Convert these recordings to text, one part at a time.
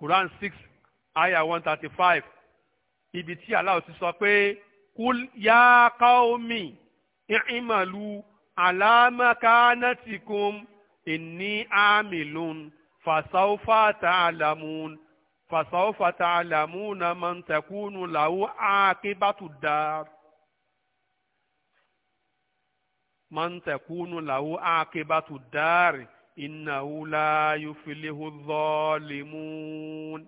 Quran six aya one thirty five ibi tí Allah ti sọ pé kul ya qaumi i'malu ala makanatikum inni amilun fasawfa ta'lamun fasawfa ta'lamuna man takunu lahu aqibatu dar innahu la yufilihu zalimun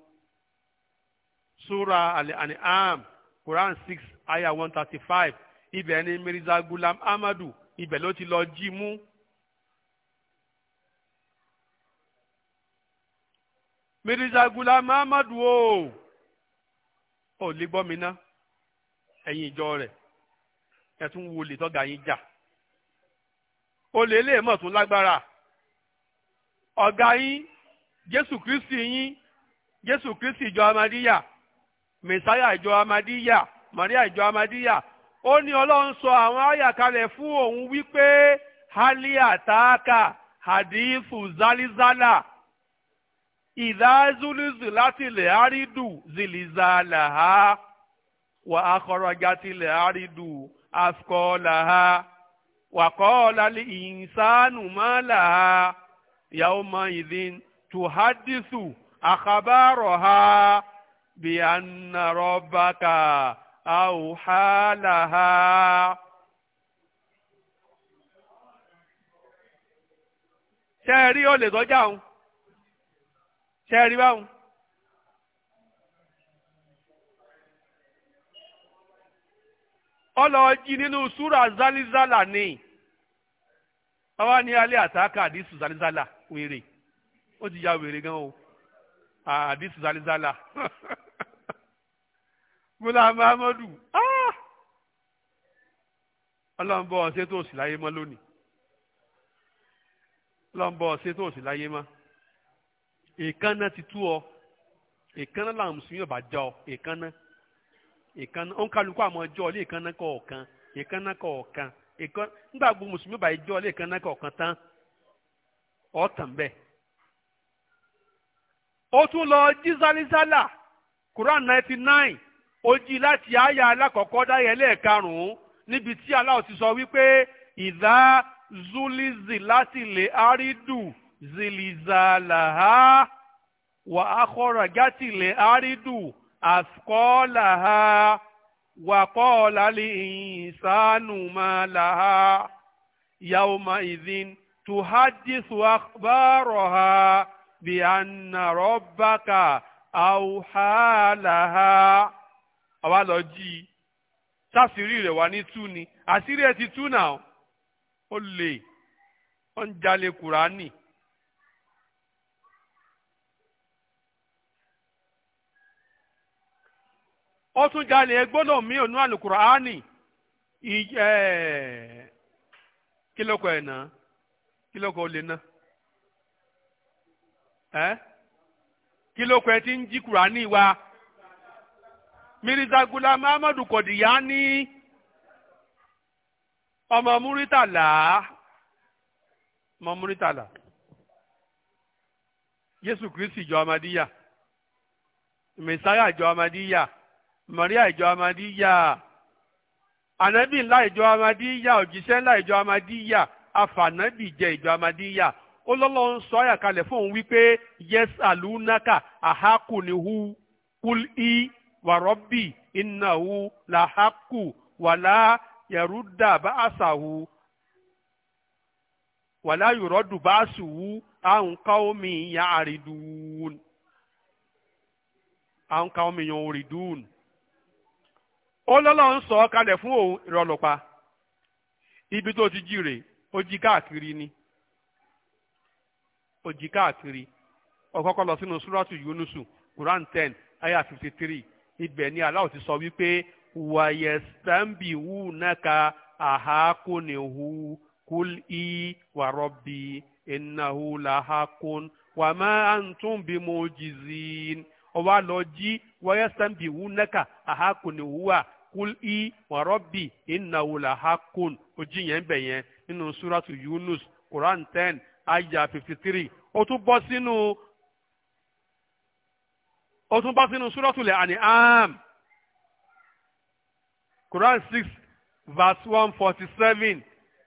sura al-an'am quran six aya one thirty five ibẹ̀ ni mirza gulam amadu ibẹ̀ ló ti lọ jí mú. mirza gulam amadu o ò lè gbọ́ mi ná ẹ̀yin ìjọ rẹ̀ ẹ̀ tún wo lè tọ́ga yín jà olè lè mọ̀ tún lágbára ọ̀gá yín jésù kristi yín jésù kristi ìjọ amadíyà mẹsáyà ìjọ amadíyà maria ìjọ amadíyà ó ní ọlọ́run sọ àwọn àyà fún òun wípé hali àtàkà hadifu zalizala ìdáàzúlùzù láti ilẹ̀ àrídù zilizala ha wà á kọ́ra já tilẹ̀ àrídù afkọ́ la ha wà kọ́ ọ́ lálẹ́ ìyìnsánu mọ́ la ha yawma idhin tuhadisu akhbaraha bi anna rabbaka awha laha. ṣé ẹ rí olè tọ́jà òun ṣé ẹ rí báwọn. ọlọ́ọ̀jì nínú súrà zálízálà ni ọwọ́ ní alẹ́ àtàkà àdìsù zálízálà. were ó ti ya were gan o àdìsí zalizala Ghulam Ahmadu ọlọ́mbọ ọ̀sẹ̀ tó sì láyé mọ́ lónìí ọlọ́mbọ ọ̀sẹ̀ tó sì láyé mọ́ èkánná ti tú ọ èkánná làwọn mùsùlùmí ọba já ọ èkánná èkánná ó ń kálukú àmọ́ ọjọ́ ọlé èkánná ọkan èkánná kọ̀ọ̀kan nígbà gbogbo mùsùlùmí ọba ìjọ ọlé èkánná kọ̀ọ̀kan tán ọ̀tàn bẹ́ẹ̀. ó tún lọ jí zálízálà Quran ninety nine ó jí láti àyà alákọ̀ọ́kọ́ dáyẹ lẹ́ẹ̀karùn-ún níbi tí Allah ti sọ wípé ìdá zulizi láti lè árídù zilizalaha wà á kọ́ra gátì lè árídù àkọ́làha wà kọ́ọ̀lá lè ìsánù máa làha yawma idhin. تحدث أخبارها بأن ربك أوحى لها àwa lọ jí i sásìrí rẹ̀ wà ní tú ni àṣírí ẹ̀ ti tú náà ó lè ó ń jalè kùránì. ó tún jalè gbọ́dọ̀ mí ònú àlùkùránì kí ló kọ ẹ̀ náà kí ló kọ olè náà ẹ kí ló kọ ẹ ti ń jí kùránì wa Mirza Gulam Ahmadu Kodiyani ọmọ múrítàlá ọmọ múrítàlá Jésù Kristi ìjọ Amadíyà Mẹsáyà ìjọ Amadíyà Màríà ìjọ Amadíyà ànábì ńlá ìjọ Amadíyà òjíṣẹ́ ńlá ìjọ Amadíyà. afànábì jẹ ìjọ amadíyà ó lọ́lọ́ ń sọ àyà kalẹ̀ fún òun wípé yes alunaka ahaku ni hu kul i warọ́bì innahu lahaku wàlá yẹrúdà bá àṣàhu wàlá yòrọ́dù bá àṣùwù àwọn káwọ́mì yà àrídùn àwọn káwọ́mì ó lọ́lọ́ ń sọ kalẹ̀ fún òun ibi tó ti ó jí káàkiri ni ó káàkiri ọ̀kọ́kọ́ lọ sínú súrọ́tù yunusu quran ten aya fifty three ibẹ̀ ni aláwọ̀ ti sọ wípé wàyẹ̀sítẹ́ǹbì wù náka àhákónihu kúl í wàrọ́bì ìnáhu làhákón wàmà àǹtúnbí mojìzín ọwọ́ àlọ́ wù náka àhákónihu wà kúl í wàrọ́bì ìnáhu làhákón yẹn bẹ̀ yẹn nínú suratu Yunus Quran ten aya fifty three ó tún bọ́ sínú ó tún bọ́ sínú suratu al am, Quran six verse one forty seven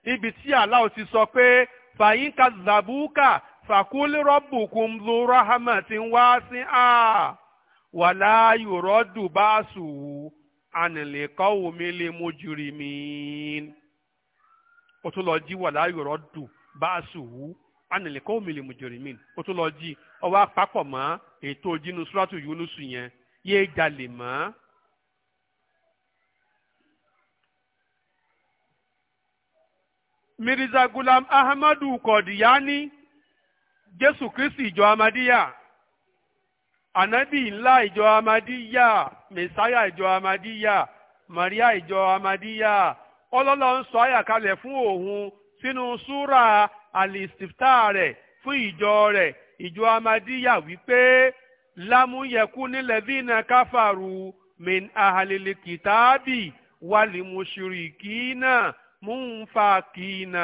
ibi tí Allah ti sọ pé fàyín kazzabuka fàkúlì rabbukum dhu rahmatin wasi'a wàlá yuraddu ba'suhu 'anil qawmil mujrimin ó tún lọ jí wàlá yọ̀rọ̀ dù bá a sì wú anìlẹ̀kọ́ òmìnir mùjòrìmìn ó tún lọ jí ọwọ́ apapọ̀ mọ́ ètò ìjínú súrátù yúnúsù yẹn yéé jalè mọ́. mirza gulam ahmadu kọ̀dìyání jésù kristi ìjọ amadíyà ànábì ńlá ìjọ amadíyà mẹsáyà ìjọ amadíyà maria ìjọ amadíyà ọlọ́lọ́ ń sọ àyàkálẹ̀ fún òun sínú súrà àlìsìftà rẹ̀ fún ìjọ rẹ̀ ìjọ amadíyà wípé lámúyẹ̀kú nílẹ̀ bínà káfàrú min ahalili kìtàbì wàlìmùsùrìkìnà múnfàkìnà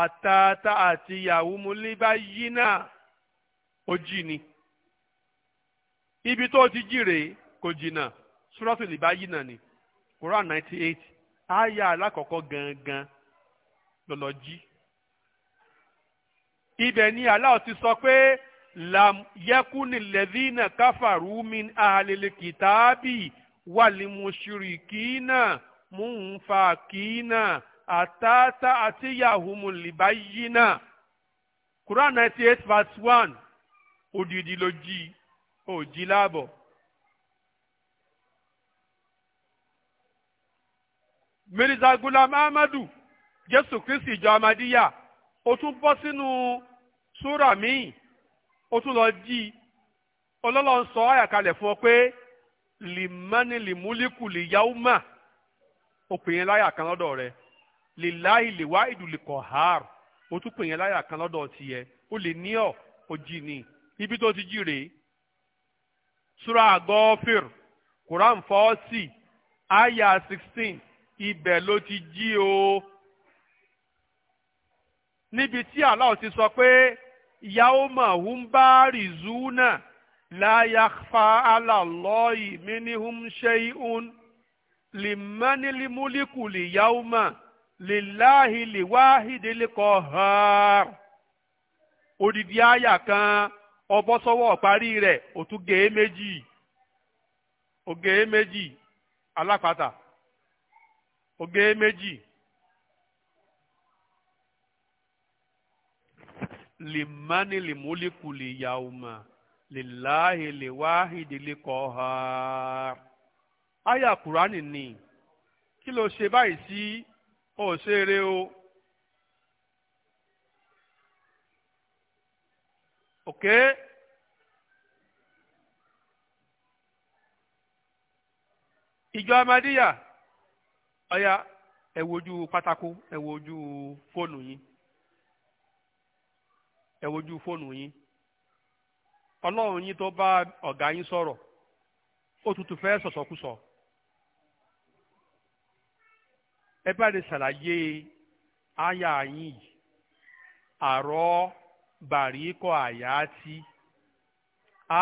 àtàtà àti yahumulibáyínà ó jí ni ibi tó ti jí kò jìnnà súrọ́tù lìbáyínà ni Quran ninety eight àyà alákọ̀ọ́kọ́ gangan lọ́lọ́ jí ibẹ̀ ni Allah ti sọ pé lam yakuni lẹ́dínà káfàrú min ahlil kìtàbí wàlímùsírìkínà múnfàkínà àtàtà àti yahumulibáyínà Quran ninety eight verse one odidi ló jí ó láàbọ̀. mirza gulam amadu, jésù kristi ìjọ amadíyà ó tún bọ́ sínú súrà míì ó tún lọ jí ọlọ́lọ́run sọ àyàkalẹ̀ fún ọ pé limani limuliku liyauma ó pè yẹn láyà kan lọ́dọ̀ rẹ lilahi liwa idulikọ̀ har ó tún pè yẹn láyà kan lọ́dọ̀ tiẹ̀ ó lè ní ọ̀ ó jí ni ibi tó ti jí rèé súrà gọ́fìr quran fọ́ọ̀sì àyà sixteen ibẹ̀ ló ti jí o níbi tí Allah ti sọ pé yawma hum barizuna la yakhfa ala Allahi minhum shay'un limanil mulku liyawma lillahi liwahidil qahhar odidi àyà kan ọbọ parí rẹ̀ òtún gèé méjì ògèé méjì alápàtà ó meji. limani limulikuli yauma lilahi liwahidi likọhar aya kurani ni kí ló ṣe báyìí sí òṣèré o. Okay. ìjọ amadíyà ọ̀yà ẹ wojú pátákó ẹ wojú fóònù yín ẹ wojú fóònù yín ọlọ́run yín tó bá ọ̀gá yín sọ̀rọ̀ ó tutù fẹ́ sọ̀sọ̀kúsọ ẹ bá lè ṣàlàyé àyà yín yìí àrọ́ bàríkọ̀ àyà tí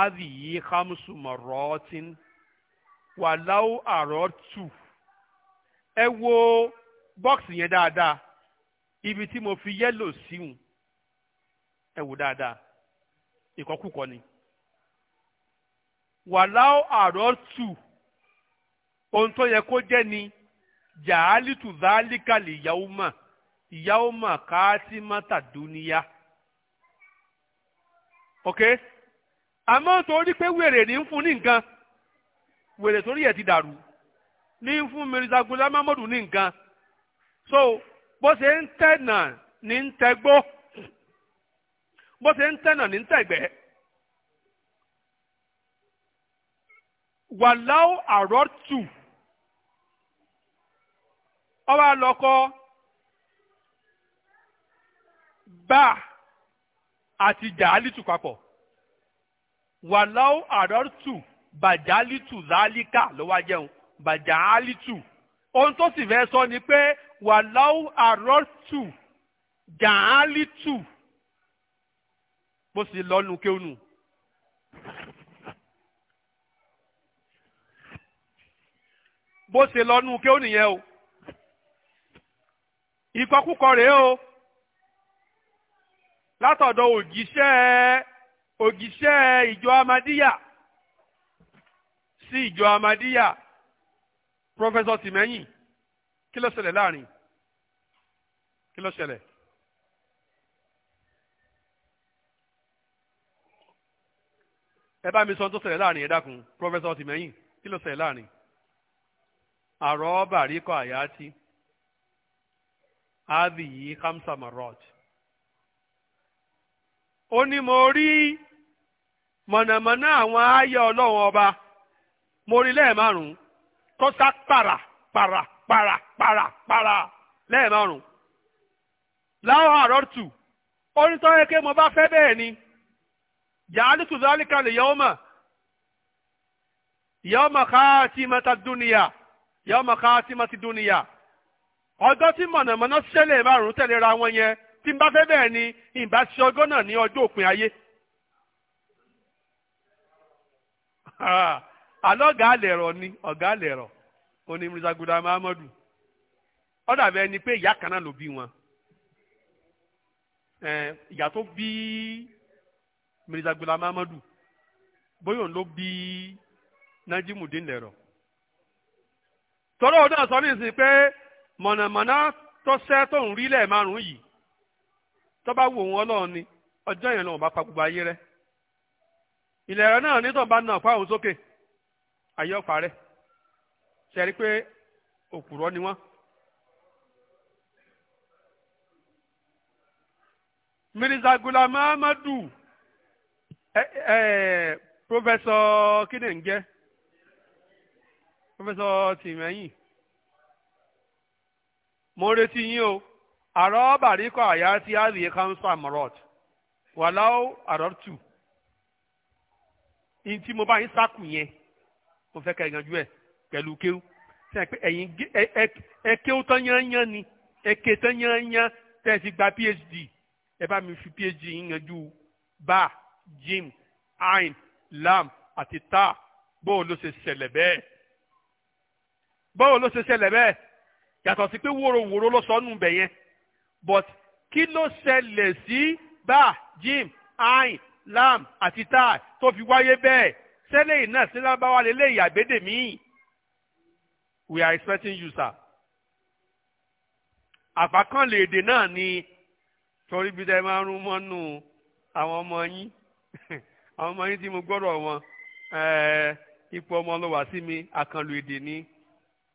àdìyí hamsu mọ̀rọ́tín wàláwù àrọ́ tù. ẹ wo bọ́ọ̀sì yẹn dáadáa ibi tí mo fi yẹ́lò síhùn ẹ wò dáadáa ìkọkúkọ ni wàláwò àrọ́ tù ohun tó yẹ kó jẹ́ ni jàálìtù záálíkàlì ìyàwó mà ìyàwó mà káàtì mátàdúníyà ok àmọ́ torí pé wèrè ní ń fún ní nǹkan wèrè torí ẹ̀ ti dàrú. ní ń fún Mirza Ghulam Ahmadu ní nǹkan so bó ṣe ń tẹ̀nà ní ń tẹ̀gbó bó ṣe ń tẹ̀nà ní ń tẹ̀gbẹ́. wàláwò àrọ́tù ọba lọ́kọ́ bá àti jàálítù papọ̀ wàláwò àrọ́tù bàjálítù zálíkà ló wá jẹun bàjáálítù ohun tó sì fẹ́ sọ ni pé wàláwù àrọ́tù jàálítù bó sì lọ́nu kéwònù. bó ṣe lọ́nu kéwònù yẹn o ìkọkúkọ rèé o látọ̀dọ̀ òjíṣẹ́ òjíṣẹ́ ìjọ amadíyà sí ìjọ amadíyà pọfẹsọ tìmẹ́yìn kí ló ṣẹlẹ̀ láàrin kí ló ṣẹlẹ̀. ẹ bá mi sọ tó ṣẹlẹ̀ láàrin ẹ dákun pọfẹsọ tìmẹ́yìn kí ló ṣẹlẹ̀ láàrin. àrọ́ bàrí kọ àyà tí ábì yìí hamsa marot. ó ní mo rí mọ̀nàmọ́ná àwọn ààyè ọlọ́run ọba mo rí lẹ́ẹ̀ ún kọ́sá para para para para para lẹ́ẹ̀márùn. láwọn àárọ̀ tù ó ní sọ́yẹ́ pé mo bá fẹ́ bẹ́ẹ̀ ni yàrá tù zálíkà lè yọ ọmọ yọ ọmọ ká tí mo ta dúnìyà yọ ọmọ ká tí mo ti dúnìyà ọjọ́ tí mọ̀nàmọ́ná ṣẹlẹ̀ márùn-ún tẹ̀léra wọn yẹn tí n bá fẹ́ bẹ́ẹ̀ ni ìbá ṣe ọgọ́ náà ní ọjọ́ òpin ayé. alọ́gà àlẹ̀rọ̀ ni ọ̀gá ni ọ gaa kan náà ló bí ọ ìyá tó bí Mirza Ghulam Ahmadu bi Najimudin lẹ̀rọ̀ tọ́lọ́ ọdún àsọ ní ìsìn pé mọ̀nàmọ́ná tó ń rí yìí wọn ni ọjọ́ yẹn lọ́wọ́ bá pa gbogbo ayé rẹ̀ ìlẹ̀rọ náà nítorí bá nà fáwọn ayé ọ̀parẹ́ ṣe rí pé òpùrọ́ ni wọn? Mirza Gulam Ahmadu ẹ ẹ pọfẹsọ kíni ń jẹ pọfẹsọ tìmẹyìn mo retí yín o àrọ bàrí àyà ti a rí kánsá mọrọt wàláwò àrọ tù ní tí mo bá yín sákù yẹn. mo fẹ́ ká ìyanjú ẹ̀ pẹ̀lú kéwú sẹ́yìn pé ẹ̀yin ẹ kéwú tán yányán ni ẹ ké tán yányán tẹ́ ẹ fi gba phd ẹ bá mi fi phd yín yanjú ba jim ain lam àti ta bóò ló ṣe ṣẹlẹ̀ bẹ́ẹ̀ bóò ló ṣe ṣẹlẹ̀ bẹ́ẹ̀ yàtọ̀ sí pé wòrowòro ló sọ nù bẹ̀ but kí ló ṣẹlẹ̀ sí ba jim ain lam àti ta tó fi wáyé bẹ́ẹ̀. sẹ́lẹ̀ iná sílábáwá lélẹ̀ ìyàgbédè we are expecting you sir. àbákan lèdè náà ni torí bí ẹ máa ń rún mọ́nú àwọn ọmọ yín àwọn ọmọ yín tí mo gbọ́dọ̀ eh, mi àkànlò ni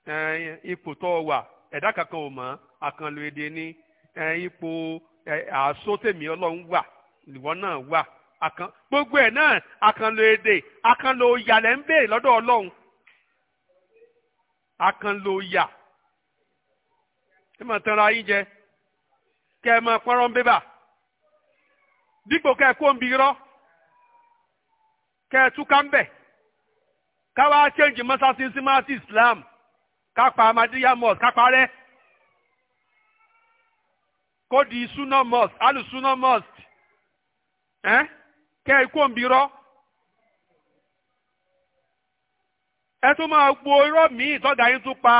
eh, ipò tó wà ẹ̀dá kankan ò mọ̀ àkànlò ni eh, ipò àsótèmí ọlọ́run wà ìwọ náà àkàn gbogbo ẹ̀ náà àkànlò èdè àkànlò òyà lẹ́ ń béèrè lọ́dọ̀ ọlọ́run àkànlò òyà ẹ máa tanra yín jẹ kẹ ẹ máa pọ́nrọ́ ń bébà dípò kẹ ẹ kó ń bi irọ́ kẹ ẹ túká ń bẹ̀ káwá mọ́sáàsì sí mọ́sáàsì Islam kápá amadíyá mosque kápá rẹ́ kó di sunna mosque alu suna mosque ẹ́n kẹ́ ẹ kó rọ́ ẹ tún máa gbo irọ́ míì tọ́gà yín tún pa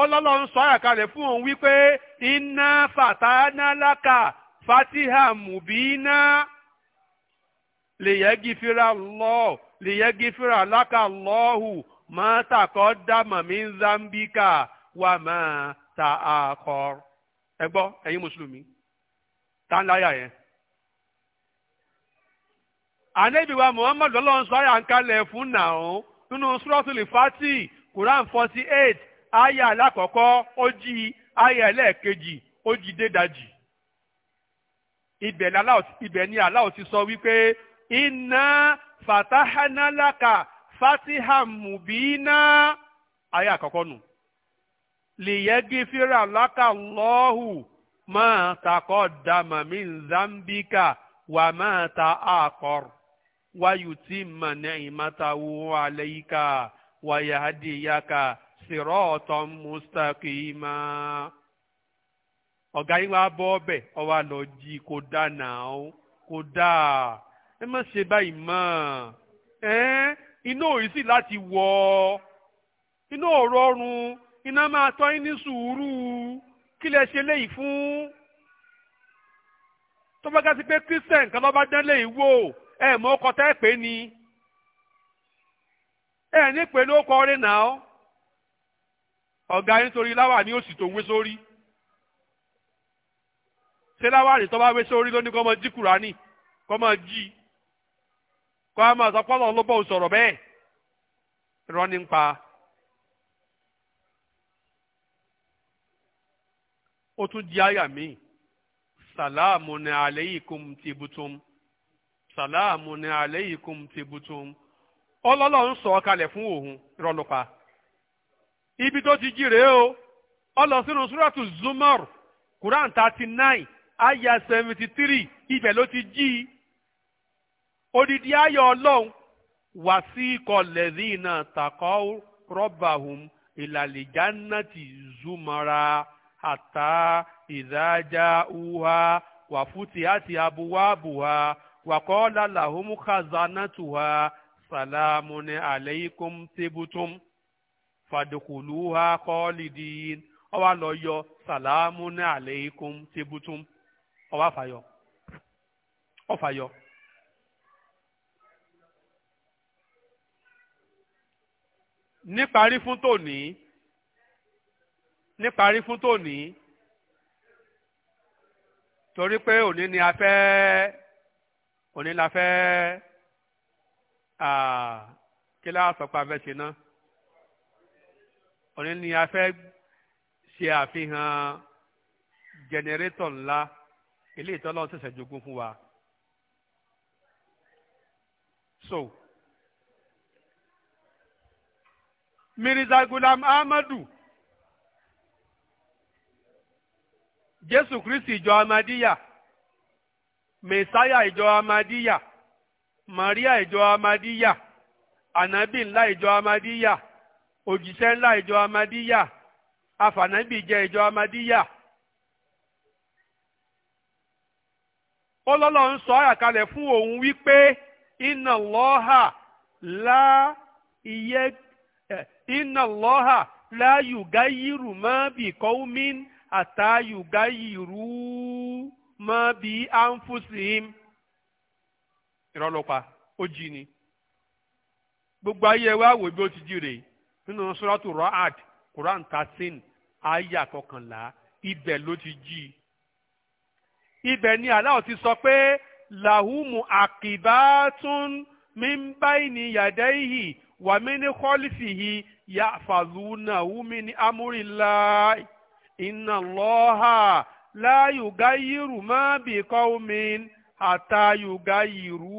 ọlọ́lọ́run sọ fún òun wípé iná fàtánálákà fatiha mubina lọ́ lákà dàmà mí wà máa ta àkọ́ ẹ gbọ́ ẹ̀yin mùsùlùmí tá ń láyà ànábì wa muhammad lọ́lọ́run sọ àyà ń kalẹ̀ fún nàún nínú suratul fati quran forty eight àyà alákọ̀ọ́kọ́ ó jí àyà ẹlẹ́ẹ̀kejì ó jí dédajì ibẹ̀ ni aláwọ̀ ibẹ̀ ni aláwọ̀ ti sọ wípé iná fatahanalaka fatihamubina àyà àkọ́kọ́ nù lìyẹ́gífìrà lákàlọ́hù máa takọ́ dàmàmí zambika wà máa ta àkọ́rù. wa yu ti ma na ima ta wo aleika wa yahadi ya ka sirotan mustaki ma ọ ga-iwu abụọ bẹ ọwa lọ ji ko da na ọ ko daa emọ se ba ima ẹ ino isi lati wọ ino rọrùn ina ma atọ inisu uru kila e se lee fun to gbaga si pe kristian e mọ ọkọ tẹ́ pé ni ẹ ní pé ló kọ ọrẹ náà ọ̀gá yín láwà ní òsì tó wé sórí ṣé láwà ní tó bá wé sórí ló ní kó jí kùránì jí a máa pa. ó tún di àyà mi sàlámù ní alaykum sàlámù ní aleikum tibutum ọlọ́lọ́run sọ kalẹ̀ fún òun ìrọ̀lùpà ibi tó ti jí rèé o ọlọ́sìnú súrọ́tù zumar quran thirty nine aya seventy three ibẹ̀ ló ti jí odidi ayọ̀ ọlọ́run wá sí kọlẹ́dínà tàkọ́ rọ́bàhùn ìlàlìjánàtì zumara àtà ìdájà uha wàfútì àti abuwábuha wàkọ́ọ́lá làhùnmú khazanatuha salamun aleikum tibutum fàdùkùlùhà kọ́ọ́lìdìn ó wá lọ yọ salamun aleikum tibutum ó wá fàyọ ó fàyọ. níparí fún tòní níparí fún tòní torí pé òní ni a fẹ́ òní la fẹ́ kí láà sọ pé a fẹ́ ṣe náà òní ni a fẹ́ ṣe àfihàn jẹnẹrétọ̀ ńlá ilé ìtọ́lọ́ ṣẹ̀ṣẹ̀ jogún fún wa. so mirza gulam ahmadu jésù kristi ìjọ amadíyà. mesaya ìjọ amadíyà maria ìjọ amadíyà ànábì ńlá ìjọ amadíyà òjíṣẹ́ ńlá ìjọ amadíyà afànábì jẹ ìjọ amadíyà. ó ń sọ àyàkálẹ̀ fún òun wípé iná lọ́hà lá iye iná lọ́hà lá yùgáyìrù má bì kọ́wmín àtà yùgáyìrù. mọ́ bí anfusihim ìrọ̀lọ́pàá ó jí ni gbogbo ayé wa wò bí ó ti jí rèé nínú sọ́ràtù rọ́hàd quran thirteen ayé àkọkànlá ibẹ̀ ló ti jí ibẹ̀ ni Allah ti sọ pé làhùmù àkìbátún mímbáìní yàdẹ́yìí wà kọ́lífìhì yà fàlùnà ní amúrìlá iná lọ́hà. láàyò gáyìrù má bí kọ́wmin àtàyò gáyìrù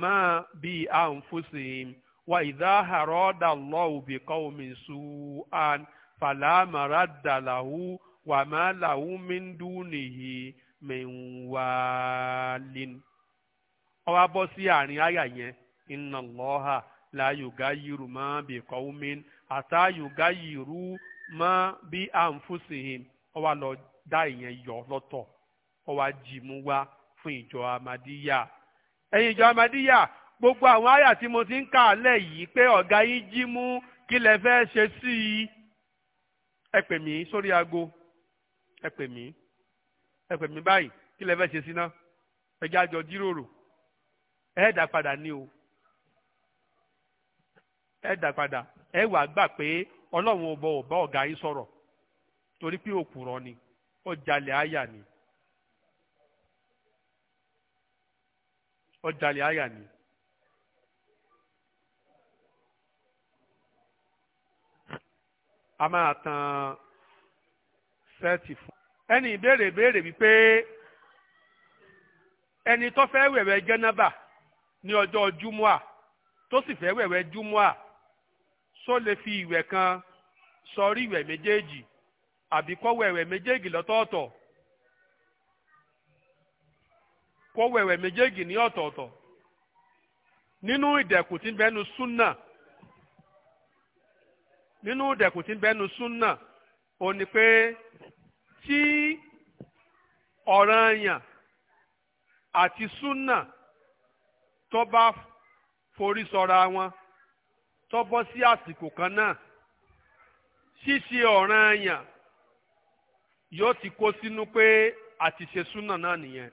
má bí àǹfùsìn wà ìdá àròdà lọ́wọ́ bí kọ́wmin sùn fàlámàrà dàlàwù wà má làwù mí dúnìyí mẹ́wàálín. ọwọ́ abọ́ sí àárín àyà yẹn iná lọ́ha láyùgá gáyìrù má bí kọ́wmin àtàyò gáyìrù má bí àǹfùsìn dá ìyẹn yọ lọ́tọ̀ ó wá jì mú wá fún ìjọ amadíyà ẹ̀yin ìjọ amadíyà gbogbo àwọn àyà tí mo ti ń kà lẹ̀ yìí pé ọ̀gá yín jí mú kí lẹ fẹ́ ṣe sí i ẹ pè mí sórí aago ẹ pè mí ẹ pè mí báyìí kí lẹ fẹ́ ṣe sí náà ẹ jẹ́ àjọ jíròrò ẹ o ẹ ni. ọjàlẹ̀ àyà ni ọjàlẹ̀ àyà ni a máa tan sẹ́ẹ̀tì fún. ẹni ìbéèrè béèrè wípé ẹni tó fẹ́ wẹ̀wẹ̀ jẹ́nàbà ní ọjọ́ júmọ́à tó sì fẹ́ wẹ̀wẹ̀ júmọ́à só lè fi ìwẹ̀ kan sọrí ìwẹ̀ méjèèjì. àbí kó wẹ̀wẹ̀ méjèèjì lọ́tọ̀ọ̀tọ̀ ní ọ̀tọ̀ọ̀tọ̀ nínú tí ń bẹ́nu súnà nínú tí ń bẹ́nu súnà àti súnà tó bá forí sọra wọn tó bọ́ sí àsìkò kan náà ṣíṣe ọ̀ranyàn yóò ti kó sínú pé àti súnà náà nìyẹn